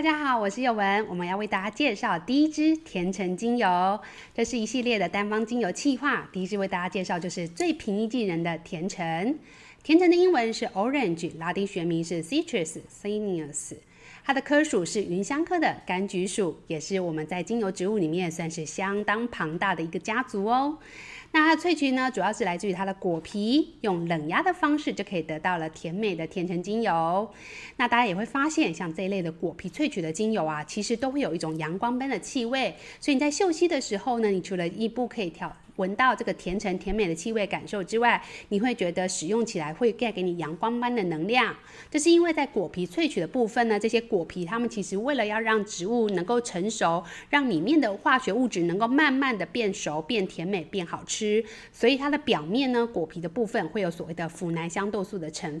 大家好，我是幼文，我們要為大家介紹第一支甜橙精油。這是一系列的單方精油企劃，第一支為大家介紹就是最平易近人的甜橙。甜橙的英文是 orange，拉丁學名是 citrus sinensis 它的科屬是芸香科的柑橘屬，也是我們在精油植物裡面算是相當龐大的一個家族哦。那它的萃取呢，主要是來自於它的果皮，用冷壓的方式就可以得到了甜美的甜橙精油。那大家也會發現，像這一類的果皮萃取的精油啊，其實都會有一種陽光般的氣味。所以你在嗅吸的時候呢，你除了一步可以跳。聞到這個甜橙甜美的氣味感受之外，你會覺得使用起來會帶給你陽光般的能量。這是因為在果皮萃取的部分呢，這些果皮它們其實為了要讓植物能夠成熟，讓裡面的化學物質能夠慢慢的變熟、變甜美、變好吃，所以它的表面呢，果皮的部分會有所謂的呋喃香豆素的成分。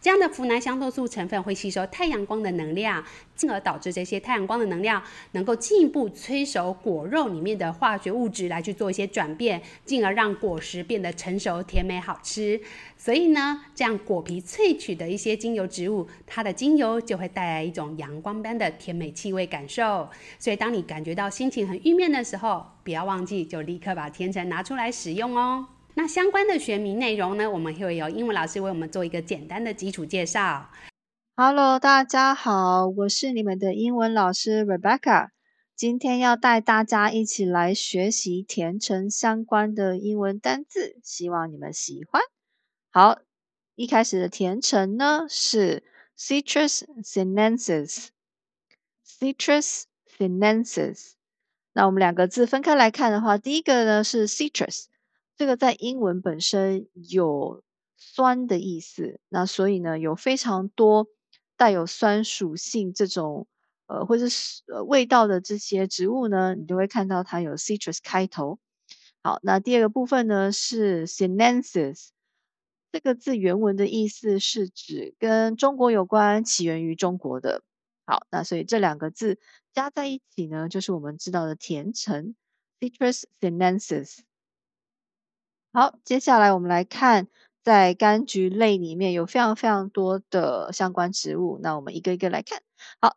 這樣的呋喃香豆素成分會吸收太陽光的能量，進而導致這些太陽光的能量能夠進一步催熟果肉裡面的化學物質，來去做一些轉變。進而讓果實變得成熟、甜美、好吃。所以呢，這樣果皮萃取的一些精油植物，它的精油就會帶來一種陽光般的甜美氣味感受。所以，當你感覺到心情很鬱悶的時候，不要忘記就立刻把甜橙拿出來使用哦。那相關的學名內容呢，我們會有英文老師為我們做一個簡單的基礎介紹。Hello，大家好，我是你們的英文老師 Rebecca。今天要帶大家一起來學習甜橙相關的英文單字，希望你們喜歡。好，一開始的甜橙呢，是 Citrus sinensis。Citrus sinensis。那我們兩個字分開來看的話，第一個呢是 Citrus，這個在英文本身有酸的意思，那所以呢有非常多帶有酸屬性這種。呃，或者是呃味道的這些植物呢，你就會看到它有 citrus 開頭。好，那第二個部分呢是 sinensis，這個字原文的意思是指跟中國有關，起源於中國的。好，那所以這兩個字加在一起呢，就是我們知道的甜橙 citrus sinensis。好，接下來我們來看，在柑橘類裡面有非常非常多的相關植物，那我們一個一個來看。好。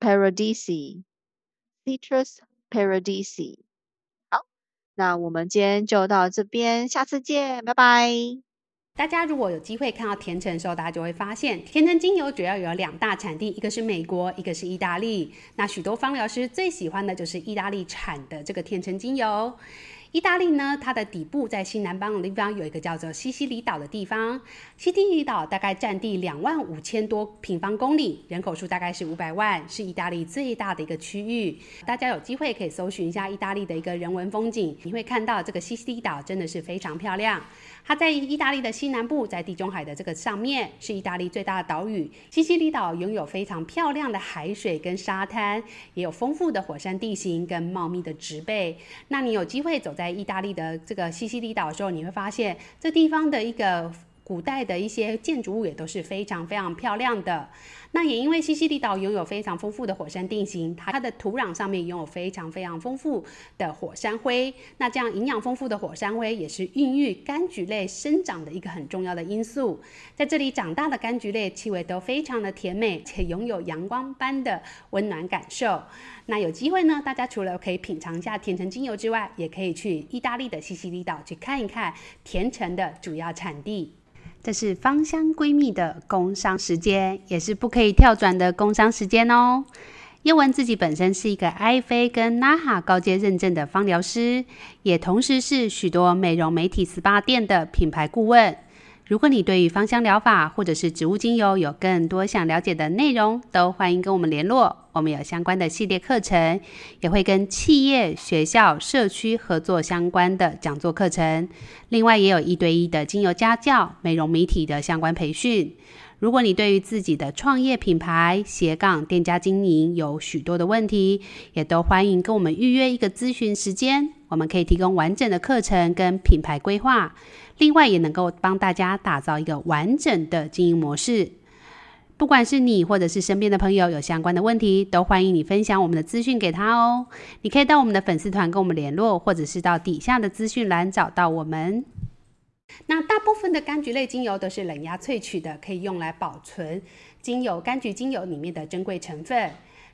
Paradisi citrus paradisi，好，那我們今天就到這邊，下次見，拜拜。大家如果有機會看到甜橙的時候，大家就會發現，甜橙精油主要有兩大產地，一個是美國，一個是意大利。那許多芳療師最喜歡的就是意大利產的這個甜橙精油。意大利呢，它的底部在西南方的地方有一個叫做西西里島的地方。西西里島大概占地兩萬五千多平方公里，人口數大概是五百萬，是意大利最大的一個區域。大家有機會可以搜尋一下意大利的一個人文風景，你會看到這個西西里島真的是非常漂亮。它在意大利的西南部，在地中海的這個上面，是意大利最大的島嶼。西西里島擁有非常漂亮的海水跟沙灘，也有豐富的火山地形跟茂密的植被。那你有機會走。在意大利的這個西西里島的時候，你會發現這地方的一個古代的一些建築物也都是非常非常漂亮的。那也因為西西里島擁有非常豐富的火山地形，它它的土壤上面擁有非常非常豐富的火山灰。那這樣營養豐富的火山灰也是孕育柑橘類生長的一個很重要的因素。在這裡長大的柑橘類氣味都非常的甜美，且擁有陽光般的溫暖感受。那有機會呢，大家除了可以品嚐一下甜橙精油之外，也可以去意大利的西西里島去看一看甜橙的主要產地。這是芳香閨蜜的工商時間，也是不可以跳轉的工商時間哦。葉文自己本身是一個 IFA 跟 NAHA 高階認證的芳療師，也同時是許多美容媒體 SPA 店的品牌顧問。如果你對於芳香療法或者是植物精油有更多想了解的內容，都歡迎跟我們聯絡。我們有相關的系列課程，也會跟企業、學校、社區合作相關的講座課程。另外，也有一對一的精油家教、美容美體的相關培訓。如果你對於自己的創業品牌、斜槓店家經營有許多的問題，也都歡迎跟我們預約一個諮詢時間。我們可以提供完整的課程跟品牌規劃，另外也能夠幫大家打造一個完整的經營模式。不管是你或者是身邊的朋友有相關的問題，都歡迎你分享我們的資訊給他哦。你可以到我們的粉絲團跟我們聯絡，或者是到底下的資訊欄找到我們。那大部分的柑橘類精油都是冷壓萃取的，可以用來保存精油，柑橘精油裡面的珍貴成分。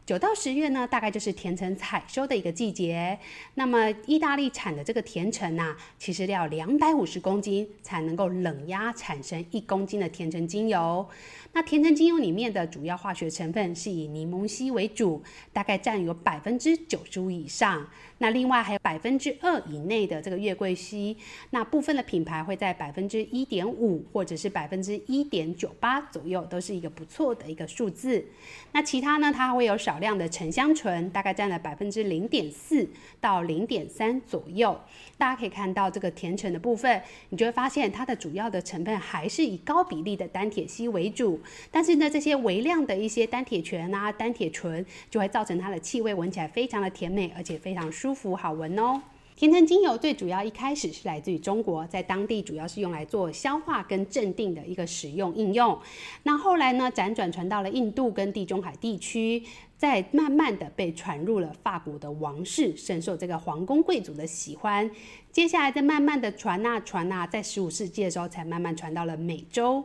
九到十月呢，大概就是甜橙採收的一個季節。那麼意大利產的這個甜橙呢，其實要兩百五十公斤，才能夠冷壓產生一公斤的甜橙精油。那甜橙精油裡面的主要化學成分是以檸檬烯為主，大概佔有百分之九十五以上。那另外還有百分之二以內的這個月桂烯，那部分的品牌會在百分之一點五或者是百分之一點九八左右，都是一個不錯的一個數字。那其他呢，它會有少。少量的沉香醇大概佔了百分之零點四到零點三左右。大家可以看到這個甜橙的部分，你就會發現它的主要的成分還是以高比例的單萜烯為主，但是呢，這些微量的一些單萜醛啊、單萜醇，就會造成它的氣味聞起來非常的甜美，而且非常舒服好聞哦。甜橙精油最主要一開始是來自於中國，在當地主要是用來做消化跟鎮定的一個使用應用。那後來呢，輾轉傳到了印度跟地中海地區，再慢慢的被傳入了法國的王室，深受這個皇宮貴族的喜歡。接下來再慢慢的傳吶傳吶，在十五世紀的時候才慢慢傳到了美洲。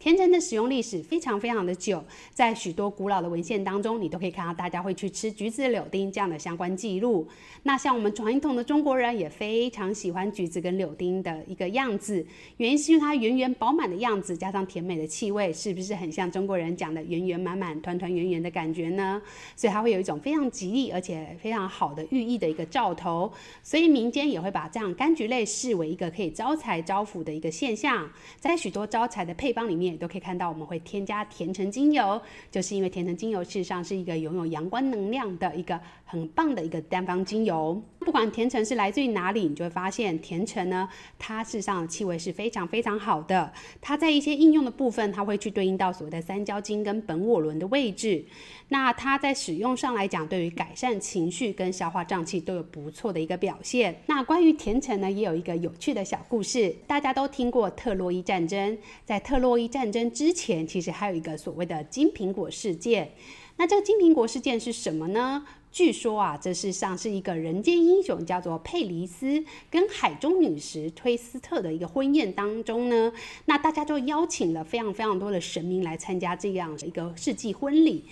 甜橙的使用歷史非常非常的久，在許多古老的文獻當中，你都可以看到大家會去吃橘子、柳丁這樣的相關記錄。那像我們傳統的中國人也非常喜歡橘子跟柳丁的一個樣子，原因是因為它圓圓飽滿的樣子，加上甜美的氣味，是不是很像中國人講的圓圓滿滿、團團圓圓的感覺呢？所以它會有一種非常吉利而且非常好的寓意的一個兆頭。所以民間也會把這樣柑橘類視為一個可以招財招福的一個現象，在許多招財的配方裡面，也都可以看到，我們會添加甜橙精油，就是因為甜橙精油事實上是一個擁有陽光能量的一個很棒的一個單方精油。不管甜橙是來自於哪裡，你就會發現甜橙呢，它事實上氣味是非常非常好的。它在一些應用的部分，它會去對應到所謂的三焦經跟本我輪的位置。那它在使用上來講，對於改善情緒跟消化脹氣都有不錯的一個表現。那關於甜橙呢，也有一個有趣的小故事，大家都聽過特洛伊戰爭，在特洛伊戰戰爭之前，其實還有一個所謂的“金蘋果事件”。那這個金蘋果事件是什麼呢？據說啊，這世上是一個人間英雄，叫做佩里斯，跟海中女神推斯特的一個婚宴當中呢，那大家就邀請了非常非常多的神明來參加這樣的一個世紀婚禮。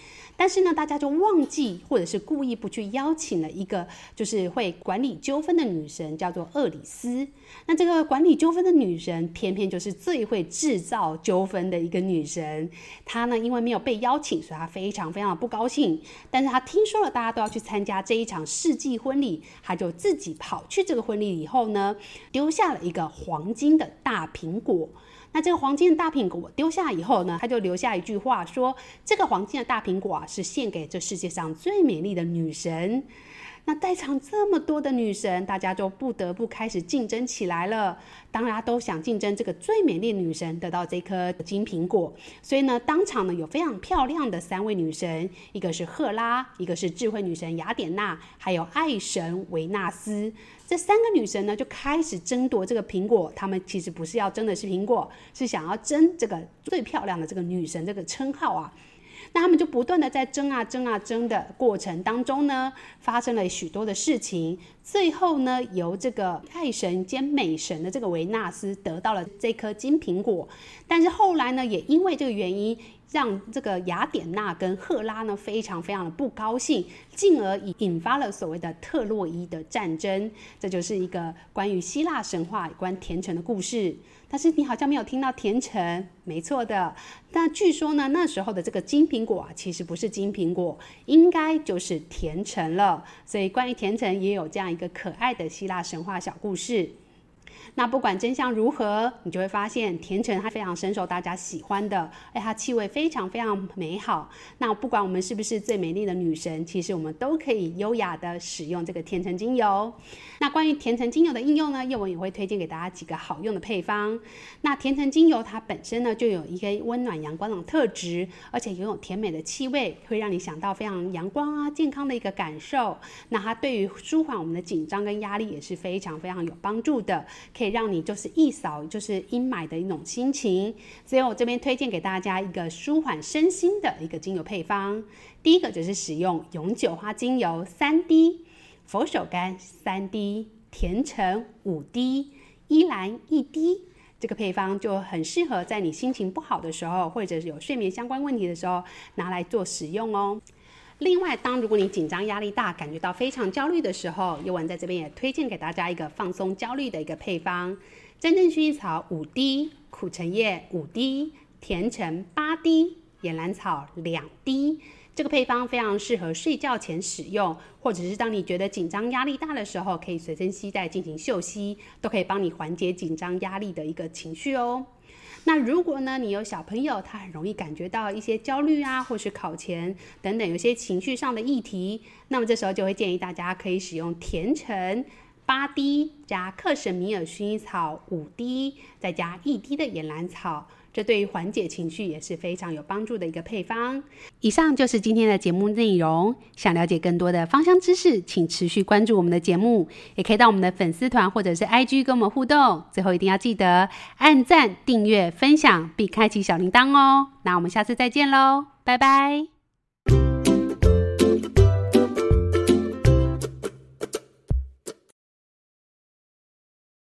但是呢，大家就忘記或者是故意不去邀請了一個就是會管理糾紛的女神，叫做厄里斯。那這個管理糾紛的女神，偏偏就是最會製造糾紛的一個女神。她呢，因為沒有被邀請，所以她非常非常的不高興。但是她聽說了大家都要去參加這一場世紀婚禮，她就自己跑去這個婚禮以後呢，丟下了一個黃金的大蘋果。那這個黃金的大蘋果丟下以後呢，他就留下一句話說：“這個黃金的大蘋果啊，是獻給這世界上最美麗的女神。”那在場這麼多的女神，大家就不得不開始競爭起來了。當然，都想競爭這個最美麗的女神得到這顆金蘋果。所以呢，當場呢有非常漂亮的三位女神，一個是赫拉，一個是智慧女神雅典娜，還有愛神維納斯。這三個女神呢就開始爭奪這個蘋果。她們其實不是要爭的是蘋果，是想要爭這個最漂亮的這個女神這個稱號啊。那他們就不斷的在爭啊爭啊爭的過程當中呢，發生了許多的事情，最後呢，由這個愛神兼美神的這個維納斯得到了這顆金蘋果，但是後來呢，也因為這個原因。讓這個雅典娜跟赫拉呢，非常非常的不高興，進而引發了所謂的特洛伊的戰爭。這就是一個關於希臘神話關於甜橙的故事。但是你好像沒有聽到甜橙，沒錯的。但據說呢，那時候的這個金蘋果啊，其實不是金蘋果，應該就是甜橙了。所以關於甜橙也有這樣一個可愛的希臘神話小故事。那不管真相如何，你就會發現甜橙它非常深受大家喜歡的，哎，它氣味非常非常美好。那不管我們是不是最美麗的女神，其實我們都可以優雅的使用這個甜橙精油。那關於甜橙精油的應用呢，葉文也會推薦給大家幾個好用的配方。那甜橙精油它本身呢就有一個溫暖陽光的特質，而且擁有甜美的氣味，會讓你想到非常陽光啊、健康的一個感受。那它對於舒緩我們的緊張跟壓力也是非常非常有幫助的。可以讓你就是一掃就是陰霾的一種心情，所以我這邊推薦給大家一個舒緩身心的一個精油配方。第一個就是使用永久花精油三滴，佛手柑三滴，甜橙五滴，依蘭一滴。這個配方就很適合在你心情不好的時候，或者是有睡眠相關問題的時候拿來做使用哦。另外，當如果你緊張、壓力大，感覺到非常焦慮的時候，尤文在這邊也推薦給大家一個放鬆焦慮的一個配方：真正薰衣草五滴，苦橙葉五滴，甜橙八滴，岩蘭草兩滴。這個配方非常適合睡覺前使用，或者是當你覺得緊張、壓力大的時候，可以隨身攜帶進行嗅吸，都可以幫你緩解緊張、壓力的一個情緒哦。那如果呢，你有小朋友，他很容易感覺到一些焦慮啊，或是考前等等，有些情緒上的議題，那麼這時候就會建議大家可以使用甜橙八滴，加克什米爾薰衣草五滴，再加一滴的岩蘭草。這對於緩解情緒也是非常有幫助的一個配方。以上就是今天的節目內容。想了解更多的芳香知識，請持續關注我們的節目，也可以到我們的粉絲團或者是 IG 跟我們互動。最後一定要記得按讚、訂閱、分享，並開啟小鈴鐺哦。那我們下次再見嘍，拜拜。